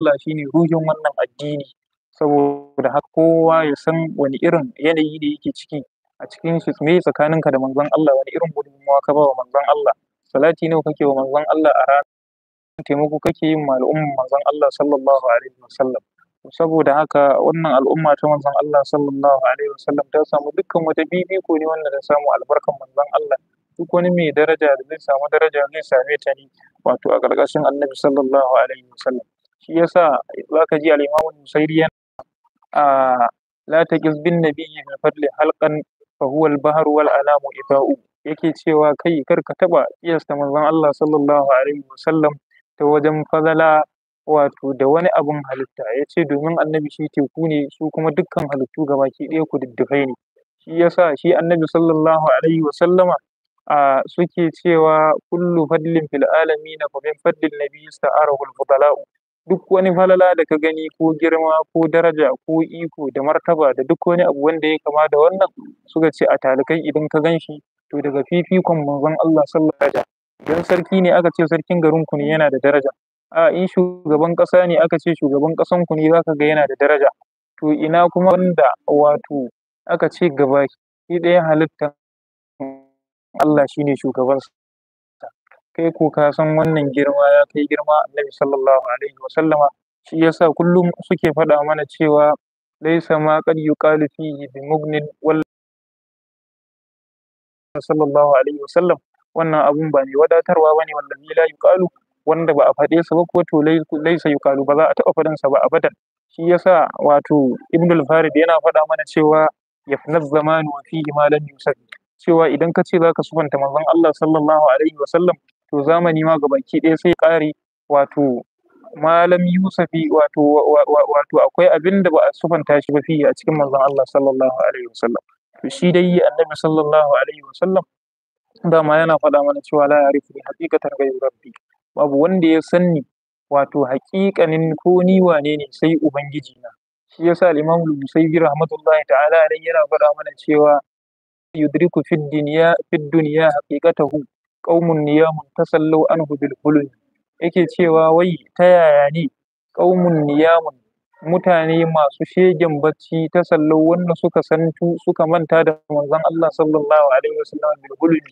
Allah ne ruhin wannan addini saboda haka kowa ya san wani irin yanayi da yake ciki a cikin shi me tsakanin ka da manzon Allah wani irin gudunmawa ka ba wa manzon Allah salati nawa kake wa manzon Allah a rana taimako kake yin ma al'umman manzon Allah sallallahu alaihi wasallam saboda haka wannan al'umma ta manzon Allah sallallahu alaihi wasallam ta samu dukkan wata bibiko ne wanda ta samu albarkan manzon Allah duk wani mai daraja da zai samu daraja zai same ta ne wato a ƙarƙashin annabi sallallahu alaihi wasallam shi yasa zaka ji al-Imam Nusairi yana a la taqis bin nabiyyi min fadli halkan fa huwa wal alamu yake cewa kai kar ka taba iyasta manzon Allah sallallahu alaihi wasallam ta wajen fadala wato da wani abun halitta ya ce domin annabi shi teku ne su kuma dukkan halittu gabaki ɗaya ku diddifai ne shi yasa shi annabi sallallahu alaihi wasallama a suke cewa kullu fadlin fil alamin fa fadlin nabi sta'arahu al fudala'u duk wani falala da ka gani ko girma ko daraja ko iko da martaba da duk wani abu wanda ya kama da wannan suka ce a talikai idan ka gan shi to daga fifikon manzon Allah sallallahu alaihi idan sarki ne aka ce sarkin garin ku ne yana da daraja a in shugaban kasa ne aka ce shugaban kasan ku ne zaka ga yana da daraja to ina kuma wanda wato aka ce gaba gabaki ɗaya halittar Allah shine shugabansa kai ko ka san wannan girma ya kai girma annabi sallallahu alaihi wa sallama. shi yasa kullum suke faɗa mana cewa laisa ma qad yuqalu fihi bi mugnin wal sallallahu alaihi sallam wannan abun ba mai wadatarwa bane wallahi la yuqalu wanda ba a faɗe sa ba ko to laisa yuqalu ba za a taɓa faɗin sa ba abadan shi yasa wato ibnu al-farid yana faɗa mana cewa yafna zamanu fihi ma lam yusaf cewa idan ka ce zaka sufanta manzon Allah sallallahu alaihi wa sallam. to zamani ma gabaki ɗaya sai ƙare wato malam yusufi wato wato akwai abin da ba a sufanta shi ba fiye a cikin manzon Allah sallallahu alaihi wasallam to shi dai annabi sallallahu alaihi wasallam dama yana faɗa mana cewa la ya'rifu ni haqiqatan rabbi babu wanda ya sanni wato haƙiƙanin ko ni wane ne sai ubangiji na shi yasa al-imam al musayyib rahmatullahi ta'ala alaihi yana faɗa mana cewa yudriku fid dunya fid dunya haqiqatahu qaumun niyamun tasallu anhu bil hulul yake cewa wai ta yaya ne qaumun niyamun mutane masu shegen bacci tasallu wanda suka santu suka manta da manzon Allah sallallahu alaihi wasallam bil hulul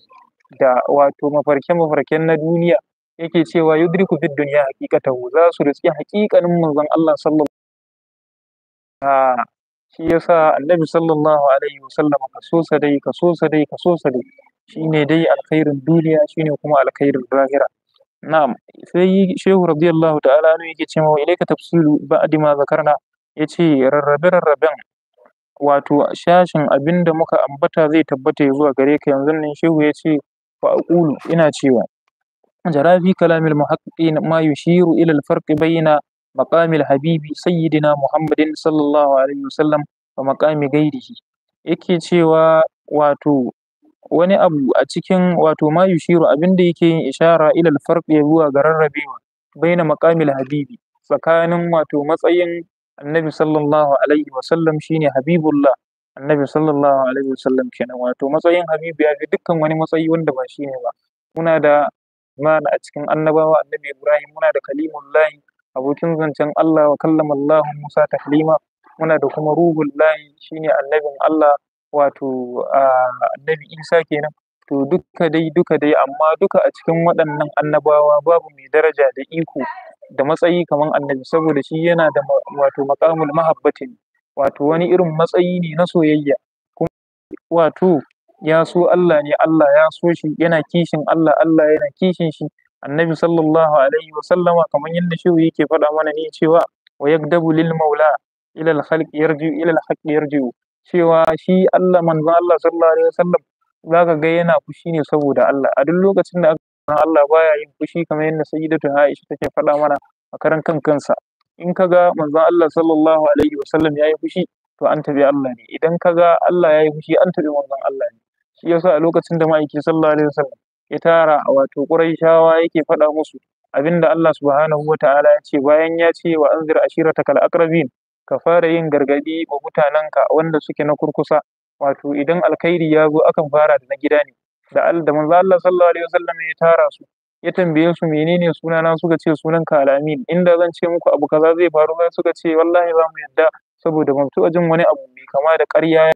da wato mafarke mafarken na duniya yake cewa yudriku fid dunya haqiqatahu za su rutsi haqiqanin manzon Allah sallallahu alaihi wasallam shi yasa annabi sallallahu alaihi wasallam kaso dai kaso dai kaso dai shine dai alkhairin duniya shine kuma alkhairin lahira na'am sai shehu radiyallahu ta'ala ne yake cewa wa ilayka tafsilu ba'di ma zakarna yace rarrabe rarraben wato shashin abinda muka ambata zai tabbata zuwa gare ka yanzu nan shehu yace fa aqulu ina cewa jara kalamil muhaqqiqin ma yushiru ila al-farq bayna maqamil habibi sayyidina muhammadin sallallahu alaihi wasallam wa maqami ghairihi yake cewa wato wani abu a cikin wato ma yushiru abinda yake yin ishara ila alfarqi zuwa ga rarrabewa baina maqamil habibi tsakanin wato matsayin annabi sallallahu alaihi wasallam shine habibullah annabi sallallahu alaihi wasallam kenan wato matsayin habibu ya fi dukkan wani matsayi wanda ba shine ba muna da mana a cikin annabawa annabi ibrahim muna da kalimullahi abokin zancen Allah wa kallamallahu Musa taklima muna da kuma ruhul lahi shine annabin Allah wato annabi Isa kenan to duka dai duka dai amma duka a cikin waɗannan annabawa babu mai daraja da iko da matsayi kamar annabi saboda shi yana da wato makamul mahabbatin wato wani irin matsayi ne na soyayya kuma wato ya so Allah ne Allah ya so shi yana kishin Allah Allah yana kishin shi annabi sallallahu alaihi wa sallama kamar yadda shi yake faɗa mana ne cewa wa yakdabu lil maula ila al khalqi yarji ila al haqqi yarji cewa shi Allah manzo Allah sallallahu alaihi wasallam zaka ga yana fushi ne saboda Allah a duk lokacin da aka Allah baya yin fushi kamar yadda sayyidatu Aisha take faɗa mana a karan kan kansa in kaga manzo Allah sallallahu alaihi wasallam yayi fushi to an tabi Allah ne idan kaga Allah yayi fushi an tabi manzon Allah ne shi yasa a lokacin da ma'aiki sallallahu alaihi wasallam ya tara wato Qurayshawa yake faɗa musu abinda Allah subhanahu wataala ya ce bayan ya ce wa anzir ashirataka al-aqrabin ka fara yin gargaɗi wa mutanen ka wanda suke na kurkusa wato idan alkhairi ya zo akan fara da na gida ne da da manzo Allah sallallahu alaihi wasallam ya tara su ya tambaye su menene sunana suka ce sunan sunanka al'amin inda zan ce muku abu kaza zai faru sai suka ce wallahi za mu yadda saboda ban ajin jin wani abu mai kama da ƙarya